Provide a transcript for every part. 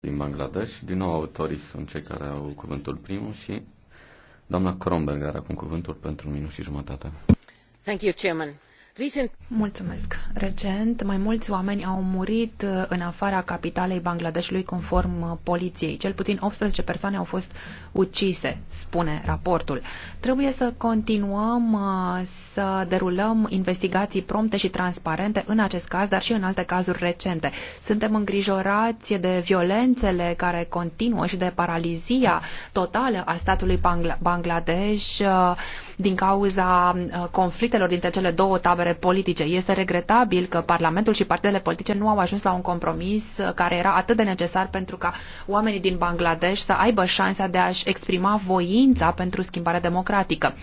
din Bangladesh. Din nou, autorii sunt cei care au cuvântul primul și doamna Kronberg are acum cuvântul pentru un minut și jumătate. Thank you, Chairman. Recent... Mulțumesc. Recent, mai mulți oameni au murit uh, în afara capitalei Bangladeshului conform uh, poliției. Cel puțin 18 persoane au fost ucise, spune raportul. Trebuie să continuăm uh, să derulăm investigații prompte și transparente în acest caz, dar și în alte cazuri recente. Suntem îngrijorați de violențele care continuă și de paralizia totală a statului Bangladesh din cauza conflictelor dintre cele două tabere grupare politice. Este regretabil că Parlamentul și partidele politice nu au ajuns la un compromis uh, care era atât de necesar pentru ca oamenii din Bangladesh să aibă șansa de a-și exprima voința pentru schimbare democratică.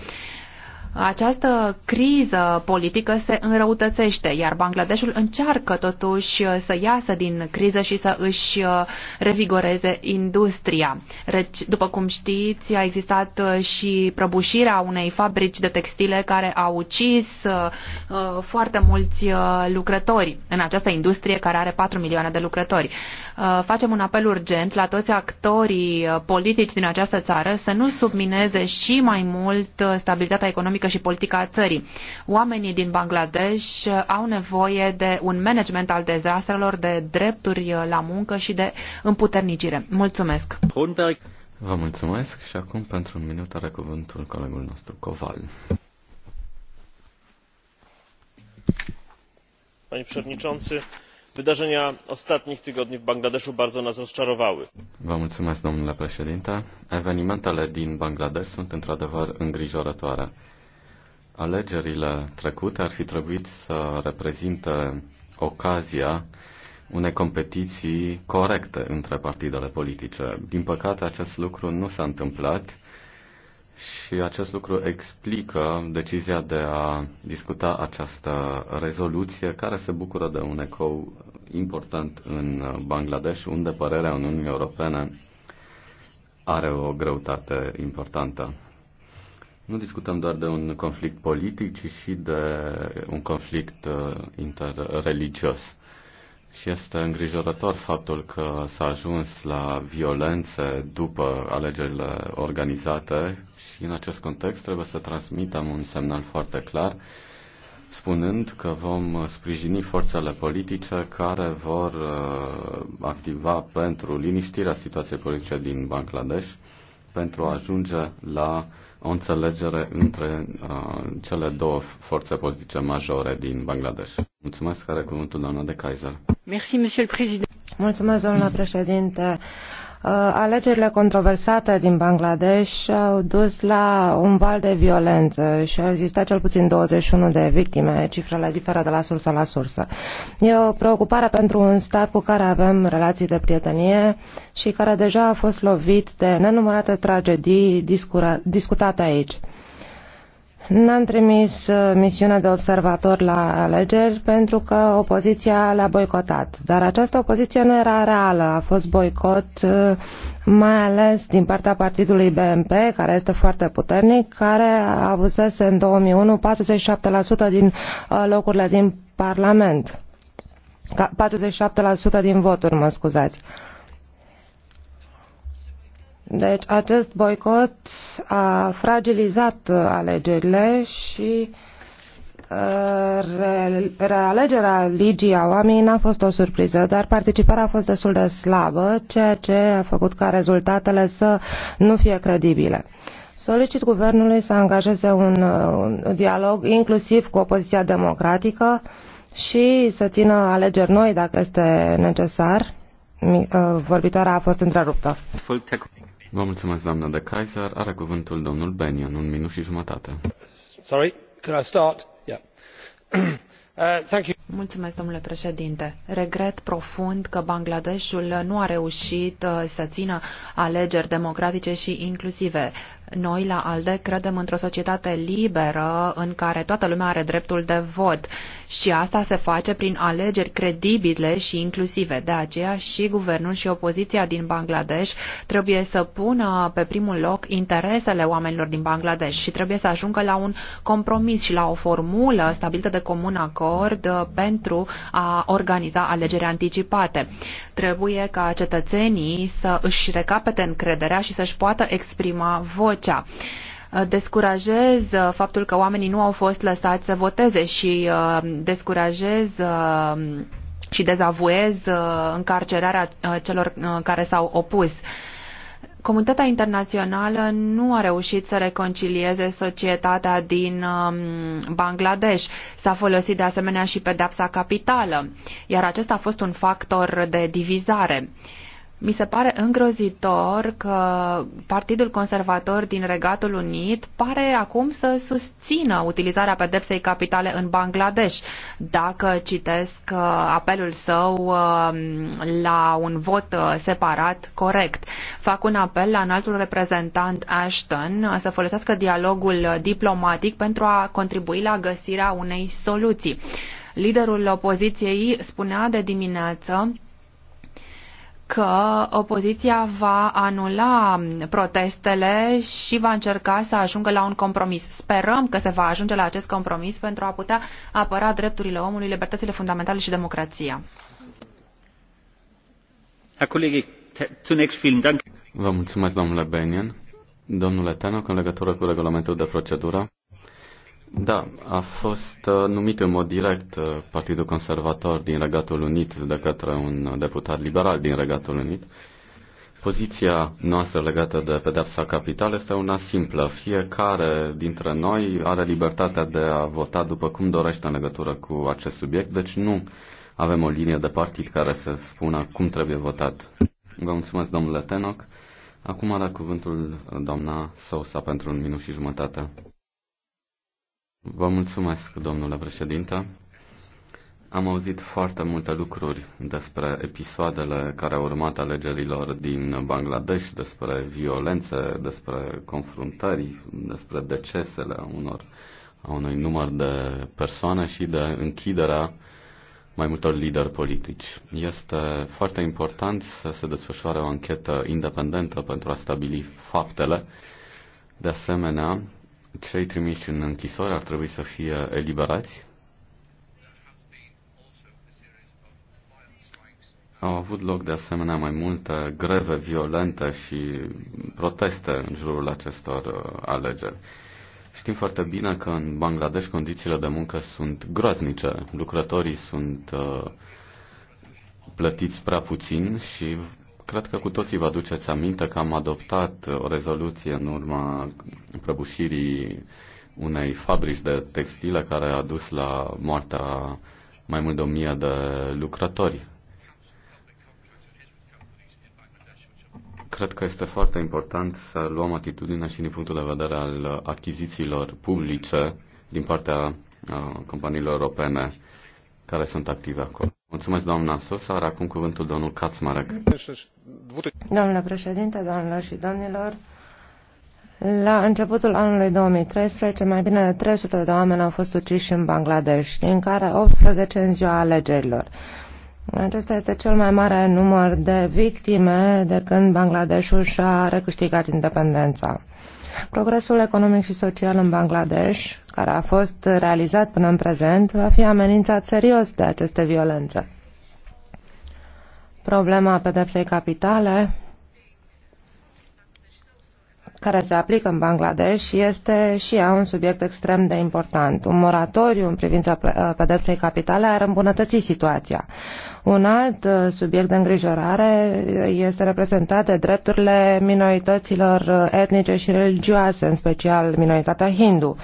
Această criză politică se înrăutățește, iar Bangladeshul încearcă totuși să iasă din criză și să își revigoreze industria. După cum știți, a existat și prăbușirea unei fabrici de textile care a ucis uh, foarte mulți uh, lucrători în această industrie care are 4 milioane de lucrători. Uh, facem un apel urgent la toți actorii politici din această țară să nu submineze și mai mult stabilitatea economică economică și politică a țării. Oamenii din Bangladesh au nevoie de un management al dezastrelor, de drepturi la muncă și de împuternicire. Mulțumesc! Vă mulțumesc și acum pentru un minut are cuvântul colegul nostru Coval. Panie Przewodniczący, wydarzenia ostatnich tygodni w Bangladeszu bardzo nas rozczarowały. Vă mulțumesc, domnule președinte. Evenimentele din Bangladesh sunt într-adevăr îngrijorătoare. Alegerile trecute ar fi trebuit să reprezinte ocazia unei competiții corecte între partidele politice. Din păcate, acest lucru nu s-a întâmplat și acest lucru explică decizia de a discuta această rezoluție care se bucură de un ecou important în Bangladesh, unde părerea Uniunii Europene are o greutate importantă. Nu discutăm doar de un conflict politic, ci și de un conflict uh, interreligios. Și este îngrijorător faptul că s-a ajuns la violențe după alegerile organizate și în acest context trebuie să transmitem un semnal foarte clar spunând că vom sprijini forțele politice care vor uh, activa pentru liniștirea situației politice din Bangladesh pentru a ajunge la o înțelegere între uh, cele două forțe politice majore din Bangladesh. Mulțumesc, care cuvântul doamna de Kaiser. Merci, Mulțumesc, domnule președinte. Uh, alegerile controversate din Bangladesh au dus la un val de violență și au existat cel puțin 21 de victime, cifrele diferă de la sursă la sursă. E o preocupare pentru un stat cu care avem relații de prietenie și care deja a fost lovit de nenumărate tragedii discutate aici. N-am trimis uh, misiunea de observator la alegeri pentru că opoziția le-a boicotat. Dar această opoziție nu era reală. A fost boicot uh, mai ales din partea partidului BNP, care este foarte puternic, care a avusese în 2001 47% din uh, locurile din Parlament. 47% din voturi, mă scuzați. Uh, deci acest boicot a fragilizat uh, alegerile și uh, realegerea Ligii Awami n-a fost o surpriză, dar participarea a fost destul de slabă, ceea ce a făcut ca rezultatele să nu fie credibile. Solicit guvernului să angajeze un, uh, un dialog inclusiv cu opoziția democratică și să țină alegeri noi dacă este necesar. Vorbitoarea a fost întreruptă. Vă mulțumesc, doamna de Kaiser. Are cuvântul domnul Benion, un minut și jumătate. Sorry, can I start? Yeah. Uh, Mulțumesc, domnule președinte. Regret profund că Bangladeshul nu a reușit uh, să țină alegeri democratice și inclusive. Noi, la ALDE, credem într-o societate liberă în care toată lumea are dreptul de vot și asta se face prin alegeri credibile și inclusive. De aceea și guvernul și opoziția din Bangladesh trebuie să pună pe primul loc interesele oamenilor din Bangladesh și trebuie să ajungă la un compromis și la o formulă stabilită de comun acord uh, pentru a organiza alegeri anticipate. Trebuie ca cetățenii să își recapete încrederea și să-și poată exprima vot vocea. Uh, descurajez uh, faptul că oamenii nu au fost lăsați să voteze și uh, descurajez și dezavuez încarcerarea celor care s-au opus. Comunitatea internațională nu a reușit să reconcilieze societatea din um, Bangladesh. S-a folosit de asemenea și pedepsa capitală, iar acesta a fost un factor de divizare. Uh, mi se pare îngrozitor că Partidul Conservator din Regatul Unit pare acum să susțină utilizarea pedepsei capitale în Bangladesh. Dacă citesc uh, apelul său um, la un vot uh, separat corect, fac un apel la înaltul reprezentant Ashton uh, să folosească dialogul diplomatic pentru a contribui la găsirea unei soluții. Liderul opoziției spunea de dimineață că opoziția va anula protestele și va încerca să ajungă la un compromis. Sperăm că se va ajunge la acest compromis pentru a putea apăra drepturile omului, libertățile fundamentale și democrația. Vă mulțumesc, domnule Benian. Domnule Tenoc, în legătură cu regulamentul de procedură, da, a fost uh, numit în mod direct uh, Partidul Conservator din Regatul Unit de către un deputat liberal din Regatul Unit. Poziția noastră legată de pedepsa capitală este una simplă. Fiecare dintre noi are libertatea de a vota după cum dorește în legătură cu acest subiect, deci nu avem o linie de partid care să spună cum trebuie votat. Vă mulțumesc, domnule Tenoc. Acum are cuvântul doamna Sousa pentru un minut și jumătate. Vă mulțumesc, domnule președinte. Am auzit foarte multe lucruri despre episoadele care au urmat alegerilor din Bangladesh, despre violențe, despre confruntări, despre decesele a, unor, a unui număr de persoane și de închiderea mai multor lideri politici. Este foarte important să se desfășoare o anchetă independentă pentru a stabili faptele. De asemenea, cei trimiși în închisoare ar trebui să fie eliberați? Au avut loc de asemenea mai multe greve violente și proteste în jurul acestor uh, alegeri. Știm foarte bine că în Bangladesh condițiile de muncă sunt groaznice. Lucrătorii sunt uh, plătiți prea puțin și Cred că cu toții vă aduceți aminte că am adoptat uh, o rezoluție în urma prăbușirii unei fabrici de textile care a dus la moartea mai mult de o mie de lucrători. Cred că este foarte important să luăm atitudine și din punctul de vedere al achizițiilor publice din partea uh, companiilor europene care sunt active acolo. Mulțumesc, doamna Sosa. Are acum cuvântul domnul Kaczmarek. Domnule președinte, doamnelor și domnilor, la începutul anului 2013, mai bine de 300 de oameni au fost uciși în Bangladesh, din care 18 în ziua alegerilor. Acesta este cel mai mare număr de victime de când Bangladeshul și-a recâștigat independența. Progresul economic și social în Bangladesh, care a fost realizat până în prezent, va fi amenințat serios de aceste violențe. Problema pedepsei capitale care se aplică în Bangladesh este și ea un subiect extrem de important. Un moratoriu în privința uh, pedepsei capitale ar îmbunătăți situația. Un alt uh, subiect de îngrijorare este reprezentat de drepturile minorităților uh, etnice și religioase, în special minoritatea hindu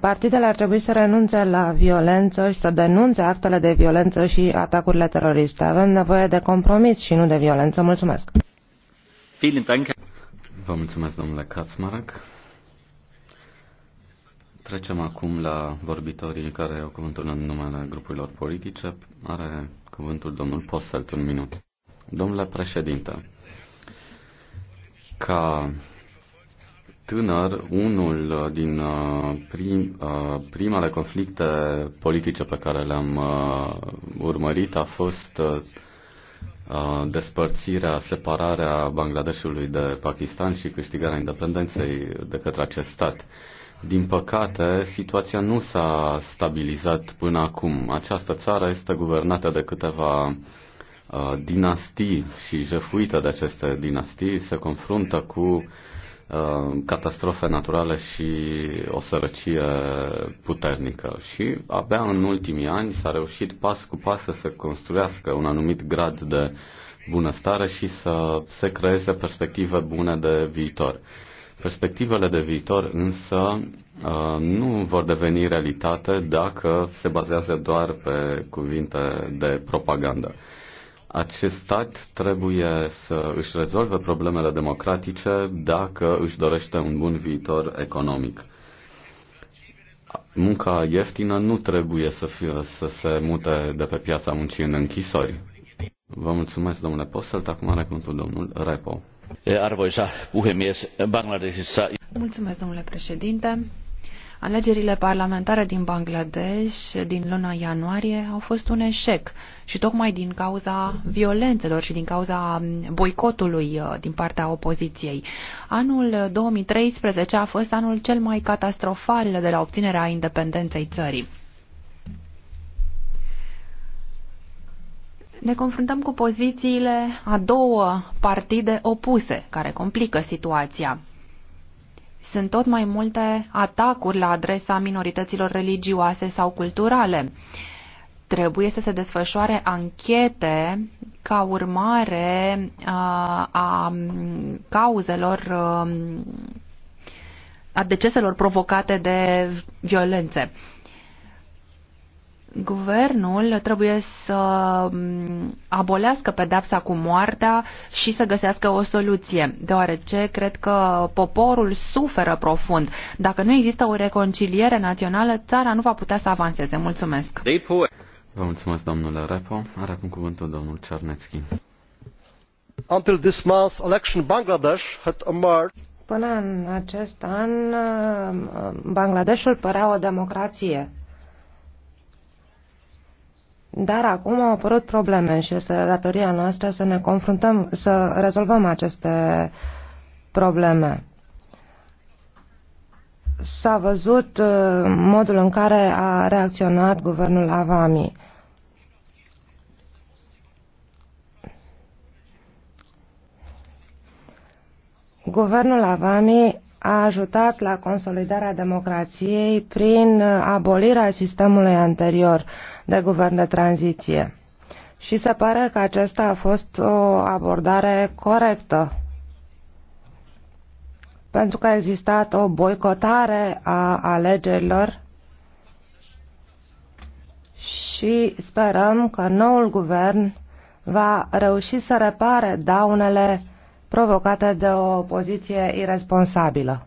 partidele ar trebui să renunțe la violență și să denunțe actele de violență și atacurile teroriste. Avem nevoie de compromis și nu de violență. Mulțumesc! Vă mulțumesc, domnule Kaczmarek. Trecem acum la vorbitorii care au cuvântul în numele grupurilor politice. Are cuvântul domnul Poselt un minut. Domnule președinte, ca tânăr, unul din uh, prim, uh, primele conflicte politice pe care le-am uh, urmărit a fost Uh, despărțirea, separarea Bangladeshului de Pakistan și câștigarea independenței de către acest stat. Din păcate, situația nu s-a stabilizat până acum. Această țară este guvernată de câteva uh, dinastii și jefuită de aceste dinastii, se confruntă cu Uh, catastrofe naturale și o sărăcie puternică. Și abia în ultimii ani s-a reușit pas cu pas să se construiască un anumit grad de bunăstare și să se creeze perspective bune de viitor. Perspectivele de viitor însă uh, nu vor deveni realitate dacă se bazează doar pe cuvinte de propagandă. Acest stat trebuie să își rezolve problemele democratice dacă își dorește un bun viitor economic. Munca ieftină nu trebuie să, fie, să se mute de pe piața muncii în închisori. Vă mulțumesc, domnule postel, Acum are cuvântul domnul Repo. Arvoisa puhemies, Bangladesissa... Mulțumesc, domnule președinte. Alegerile parlamentare din Bangladesh din luna ianuarie au fost un eșec și tocmai din cauza violențelor și din cauza boicotului uh, din partea opoziției. Anul 2013 a fost anul cel mai catastrofal de la obținerea independenței țării. Ne confruntăm cu pozițiile a două partide opuse, care complică situația. Sunt tot mai multe atacuri la adresa minorităților religioase sau culturale. Trebuie să se desfășoare anchete ca urmare a cauzelor a deceselor provocate de violențe. Guvernul trebuie să mm, abolească pedapsa cu moartea și să găsească o soluție, deoarece cred că poporul suferă profund. Dacă nu există o reconciliere națională, țara nu va putea să avanseze. Mulțumesc! Vă mulțumesc, domnule Repo. Are acum cuvântul domnul Cernețchi. Until this month, election, Bangladesh had emerged Până în acest an, mm, mm, Bangladeshul părea o democrație dar acum au apărut probleme și este datoria noastră să ne confruntăm, să rezolvăm aceste probleme. S-a văzut uh, modul în care a reacționat guvernul Avami. Guvernul Avami a ajutat la consolidarea democrației prin uh, abolirea sistemului anterior de guvern de tranziție. Și se pare că acesta a fost o abordare corectă pentru că a existat o boicotare a alegerilor și sperăm că noul guvern va reuși să repare daunele provocate de o opoziție irresponsabilă.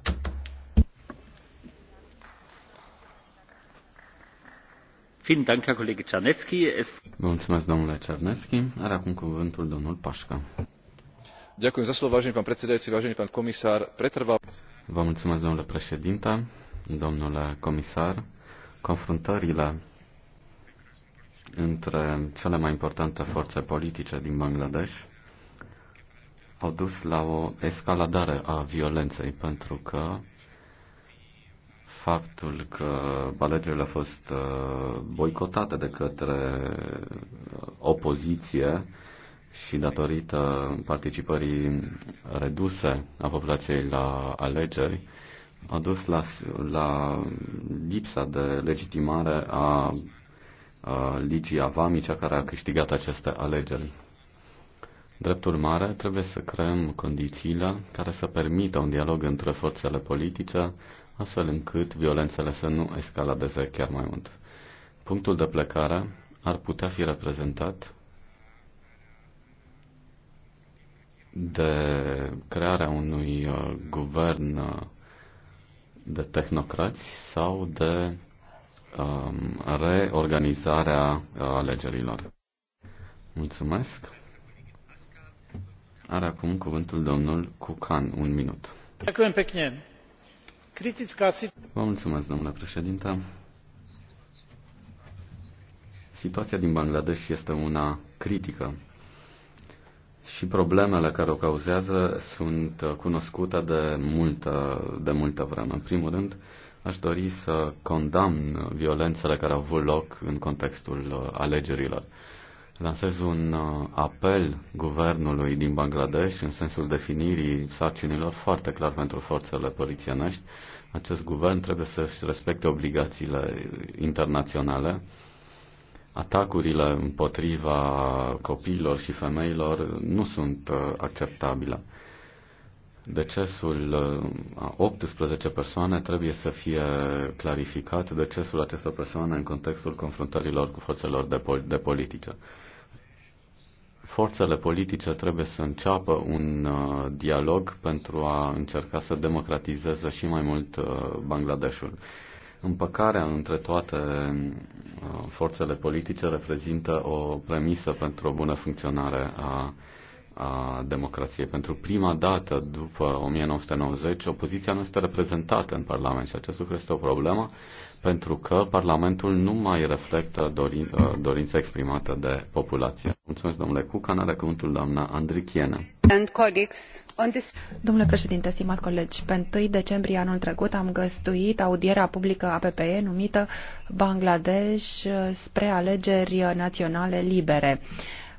Mulțumesc, domnule Cernetski. Are acum cuvântul domnul Pașca. Ďakujem za slovo, vážený pán predsedajúci, vážený pán komisár. Pretrvá... Vă mulțumesc, domnule președinte, domnule comisar. Confruntările între cele mai importante forțe politice din Bangladesh au dus la o escaladare a violenței, pentru că faptul că alegerile au fost uh, boicotate de către uh, opoziție și datorită participării reduse a populației la alegeri, a dus la, la lipsa de legitimare a, a ligii Avamicea care a câștigat aceste alegeri. Drept urmare, trebuie să creăm condițiile care să permită un dialog între forțele politice, astfel încât violențele să nu escaladeze chiar mai mult. Punctul de plecare ar putea fi reprezentat de crearea unui uh, guvern uh, de tehnocrați sau de um, reorganizarea uh, alegerilor. Mulțumesc! Are acum cuvântul domnul Cucan, un minut. Vă mulțumesc, domnule președinte. Situația din Bangladesh este una critică și problemele care o cauzează sunt cunoscute de multă, de multă vreme. În primul rând, aș dori să condamn violențele care au avut loc în contextul alegerilor. Lansez un uh, apel guvernului din Bangladesh în sensul definirii sarcinilor foarte clar pentru forțele polițienești. Acest guvern trebuie să-și respecte obligațiile internaționale. Atacurile împotriva copiilor și femeilor nu sunt uh, acceptabile. Decesul uh, a 18 persoane trebuie să fie clarificat, decesul acestor persoane în contextul confruntărilor cu forțelor de, pol- de politică. Forțele politice trebuie să înceapă un uh, dialog pentru a încerca să democratizeze și mai mult uh, Bangladeshul. Împăcarea între toate uh, forțele politice reprezintă o premisă pentru o bună funcționare a a democrației. Pentru prima dată după 1990, opoziția nu este reprezentată în Parlament și acest lucru este o problemă pentru că Parlamentul nu mai reflectă dorin, uh, dorința exprimată de populație. Mulțumesc, domnule Cucan, are cuvântul doamna Andrichiene. Domnule președinte, stimați colegi, pe 1 decembrie anul trecut am găstuit audierea publică a PPE numită Bangladesh spre alegeri naționale libere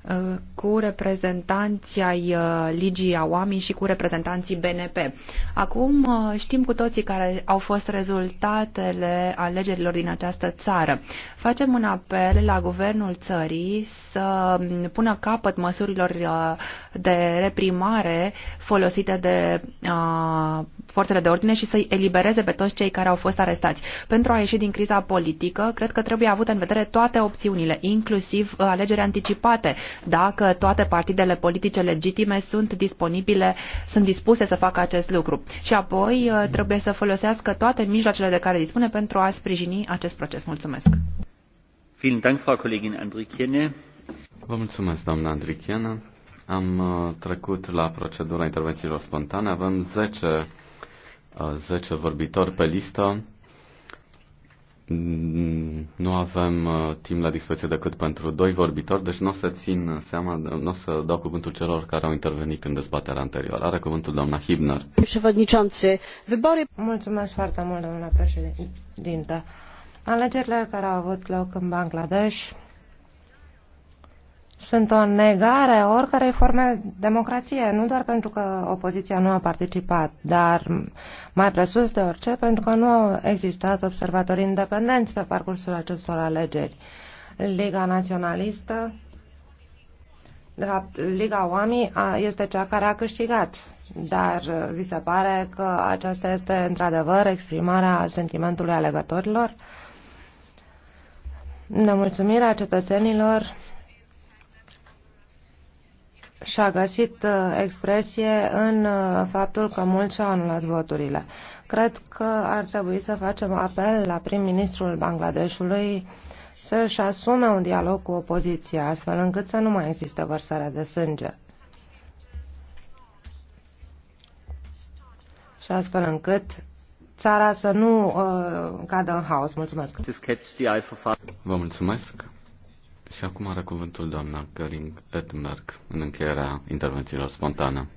Uh, cu reprezentanții ai uh, Ligii Awami și cu reprezentanții BNP. Acum uh, știm cu toții care au fost rezultatele alegerilor din această țară. Facem un apel la guvernul țării să um, pună capăt măsurilor de reprimare folosite de forțele de ordine și să-i elibereze pe toți cei care au fost arestați. Pentru a ieși din criza politică, cred că trebuie avut în vedere toate opțiunile, inclusiv alegeri anticipate dacă toate partidele politice legitime sunt disponibile, sunt dispuse să facă acest lucru. Și apoi uh, trebuie să folosească toate mijloacele de care dispune pentru a sprijini acest proces. Mulțumesc! Vă mulțumesc, doamna Andrichienă. Am uh, trecut la procedura intervențiilor spontane. Avem 10, 10 uh, vorbitori pe listă. Mm, nu avem uh, timp la dispoziție decât pentru doi vorbitori, deci nu o să țin seama, nu o să dau cuvântul celor care au intervenit în dezbaterea anterioară. Are cuvântul doamna Hibner. Mulțumesc foarte mult, doamna președintă. Alegerile care au avut loc în Bangladesh sunt o negare oricărei forme democrație, nu doar pentru că opoziția nu a participat, dar mai presus de orice pentru că nu au existat observatori independenți pe parcursul acestor alegeri. Liga Naționalistă, de fapt, Liga Oamii este cea care a câștigat, dar uh, vi se pare că aceasta este într-adevăr exprimarea sentimentului alegătorilor? Nemulțumirea cetățenilor și-a găsit uh, expresie în uh, faptul că mulți au anulat voturile. Cred că ar trebui să facem apel la prim-ministrul Bangladeshului să-și asume un dialog cu opoziția, astfel încât să nu mai existe vărsarea de sânge. Și astfel încât țara să nu uh, cadă în haos. Mulțumesc! Vă mulțumesc! Și acum are cuvântul doamna Göring Edmerk în încheierea intervențiilor spontane.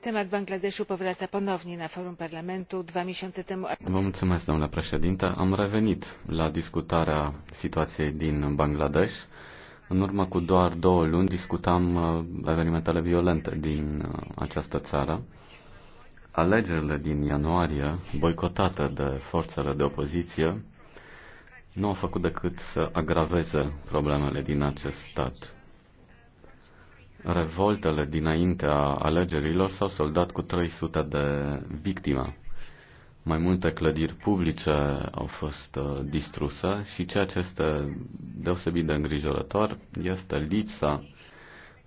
Temat Bangladeshu powraca ponownie na forum parlamentu dwa miesiące temu. Vă mulțumesc, domnule președinte. Am revenit la discutarea situației din Bangladesh. În urmă cu doar două luni discutam uh, evenimentele violente din uh, această țară. Alegerile din ianuarie, boicotate de forțele de opoziție, nu a făcut decât să agraveze problemele din acest stat. Revoltele dinaintea alegerilor s-au soldat cu 300 de victime. Mai multe clădiri publice au fost uh, distruse și ceea ce este deosebit de îngrijorător este lipsa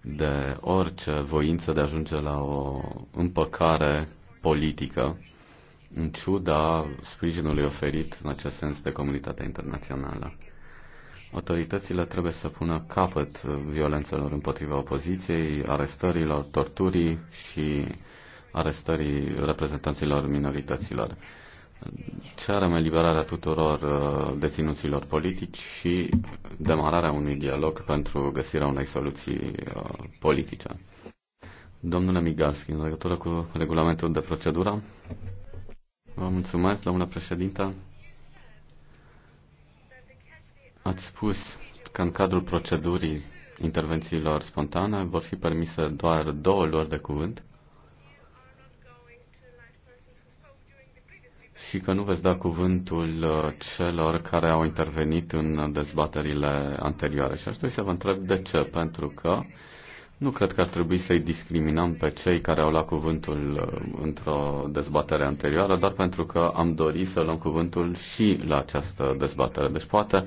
de orice voință de a ajunge la o împăcare politică în ciuda sprijinului oferit în acest sens de comunitatea internațională. Autoritățile trebuie să pună capăt violențelor împotriva opoziției, arestărilor, torturii și arestării reprezentanților minorităților. Cerem eliberarea tuturor uh, deținuților politici și demararea unui dialog pentru găsirea unei soluții uh, politice. Domnule Migalski, în legătură cu regulamentul de procedură, Vă mulțumesc, doamna președintă. Ați spus că în cadrul procedurii intervențiilor spontane vor fi permise doar două luări de cuvânt și că nu veți da cuvântul uh, celor care au intervenit în dezbaterile anterioare. Și aș dori să vă întreb de ce, pentru că nu cred că ar trebui să-i discriminăm pe cei care au luat cuvântul uh, într-o dezbatere anterioară, doar pentru că am dorit să luăm cuvântul și la această dezbatere. Deci poate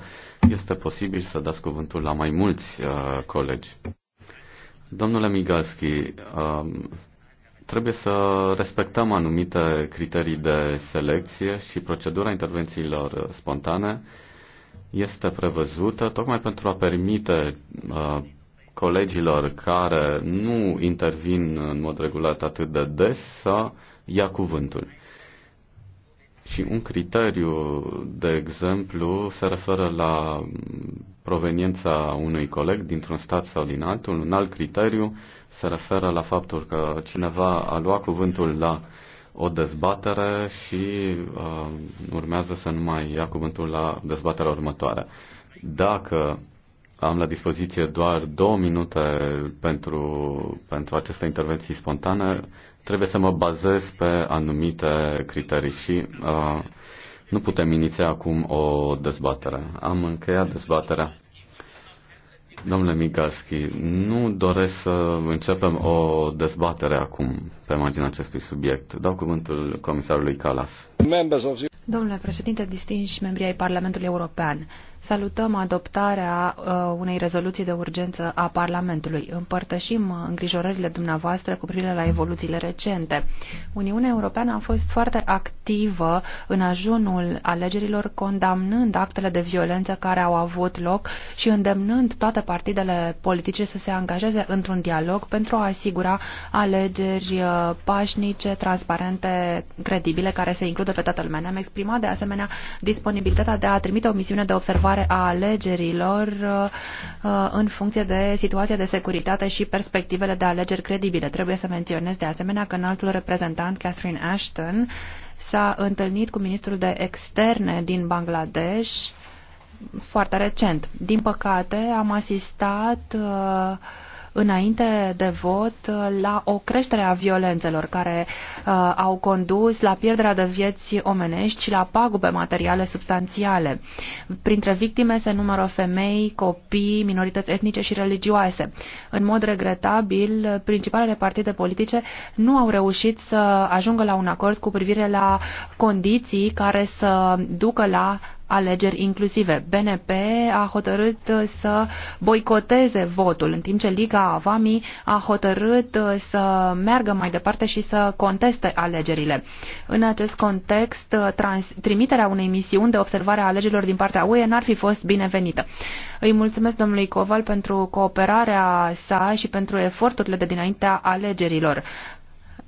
este posibil să dați cuvântul la mai mulți uh, colegi. Domnule Migalski, uh, trebuie să respectăm anumite criterii de selecție și procedura intervențiilor spontane este prevăzută tocmai pentru a permite uh, colegilor care nu intervin în mod regulat atât de des să ia cuvântul. Și un criteriu, de exemplu, se referă la proveniența unui coleg dintr-un stat sau din altul. Un alt criteriu se referă la faptul că cineva a luat cuvântul la o dezbatere și uh, urmează să nu mai ia cuvântul la dezbaterea următoare. Dacă am la dispoziție doar două minute pentru, pentru aceste intervenții spontane. Trebuie să mă bazez pe anumite criterii și uh, nu putem iniția acum o dezbatere. Am încheiat dezbaterea. Domnule Migalski, nu doresc să începem o dezbatere acum pe marginea acestui subiect. Dau cuvântul comisarului Calas. Domnule președinte, distinși membrii ai Parlamentului European, salutăm adoptarea uh, unei rezoluții de urgență a Parlamentului. Împărtășim uh, îngrijorările dumneavoastră cu privire la evoluțiile recente. Uniunea Europeană a fost foarte activă în ajunul alegerilor, condamnând actele de violență care au avut loc și îndemnând toate partidele politice să se angajeze într-un dialog pentru a asigura alegeri uh, pașnice, transparente, credibile, care să includă pe toată lumea. Ne-am exprimat de asemenea disponibilitatea de a trimite o misiune de observare a alegerilor uh, uh, în funcție de situația de securitate și perspectivele de alegeri credibile. Trebuie să menționez de asemenea că înaltul reprezentant Catherine Ashton s-a întâlnit cu ministrul de externe din Bangladesh foarte recent. Din păcate, am asistat uh, înainte de vot la o creștere a violențelor care uh, au condus la pierderea de vieți omenești și la pagube materiale substanțiale. Printre victime se numără femei, copii, minorități etnice și religioase. În mod regretabil, principalele partide politice nu au reușit să ajungă la un acord cu privire la condiții care să ducă la alegeri inclusive. BNP a hotărât uh, să boicoteze votul, în timp ce Liga Avami a hotărât uh, să meargă mai departe și să conteste alegerile. În acest context, uh, trans- trimiterea unei misiuni de observare a alegerilor din partea UE n-ar fi fost binevenită. Îi mulțumesc domnului Coval pentru cooperarea sa și pentru eforturile de dinaintea alegerilor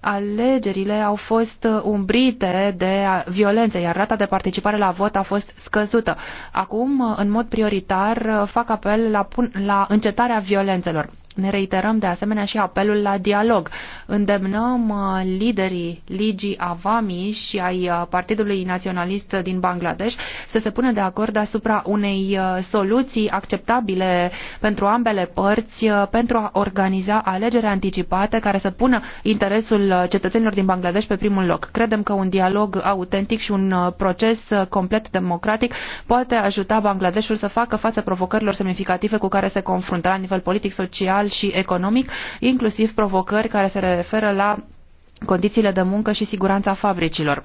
alegerile au fost uh, umbrite de uh, violențe, iar rata de participare la vot a fost scăzută. Acum, uh, în mod prioritar, fac apel la, la încetarea violențelor. Ne reiterăm de asemenea și apelul la dialog. Îndemnăm uh, liderii Ligii Avami și ai uh, Partidului Naționalist din Bangladesh să se pună de acord asupra unei uh, soluții acceptabile pentru ambele părți pentru a organiza alegeri anticipate care să pună interesul cetățenilor din Bangladesh pe primul loc. Credem că un dialog autentic și un proces complet democratic poate ajuta Bangladeshul să facă față provocărilor semnificative cu care se confruntă la nivel politic, social, social și economic, inclusiv provocări care se referă la condițiile de muncă și siguranța fabricilor.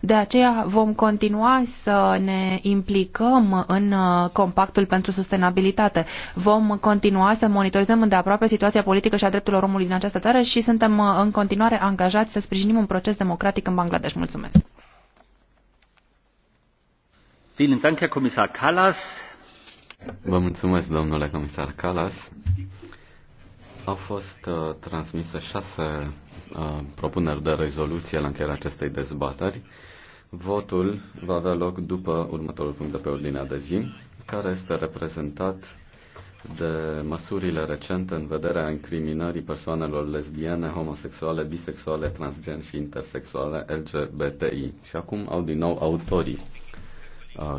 De aceea vom continua să ne implicăm în uh, compactul pentru sustenabilitate. Vom continua să monitorizăm îndeaproape situația politică și a drepturilor omului din această țară și suntem uh, în continuare angajați să sprijinim un proces democratic în Bangladesh. Mulțumesc! Vă mulțumesc, domnule comisar Calas. Au fost uh, transmise șase uh, propuneri de rezoluție la încheierea acestei dezbateri. Votul va avea loc după următorul punct de pe ordinea de zi, care este reprezentat de măsurile recente în vederea incriminării persoanelor lesbiene, homosexuale, bisexuale, transgen și intersexuale LGBTI. Și acum au din nou autorii. Uh,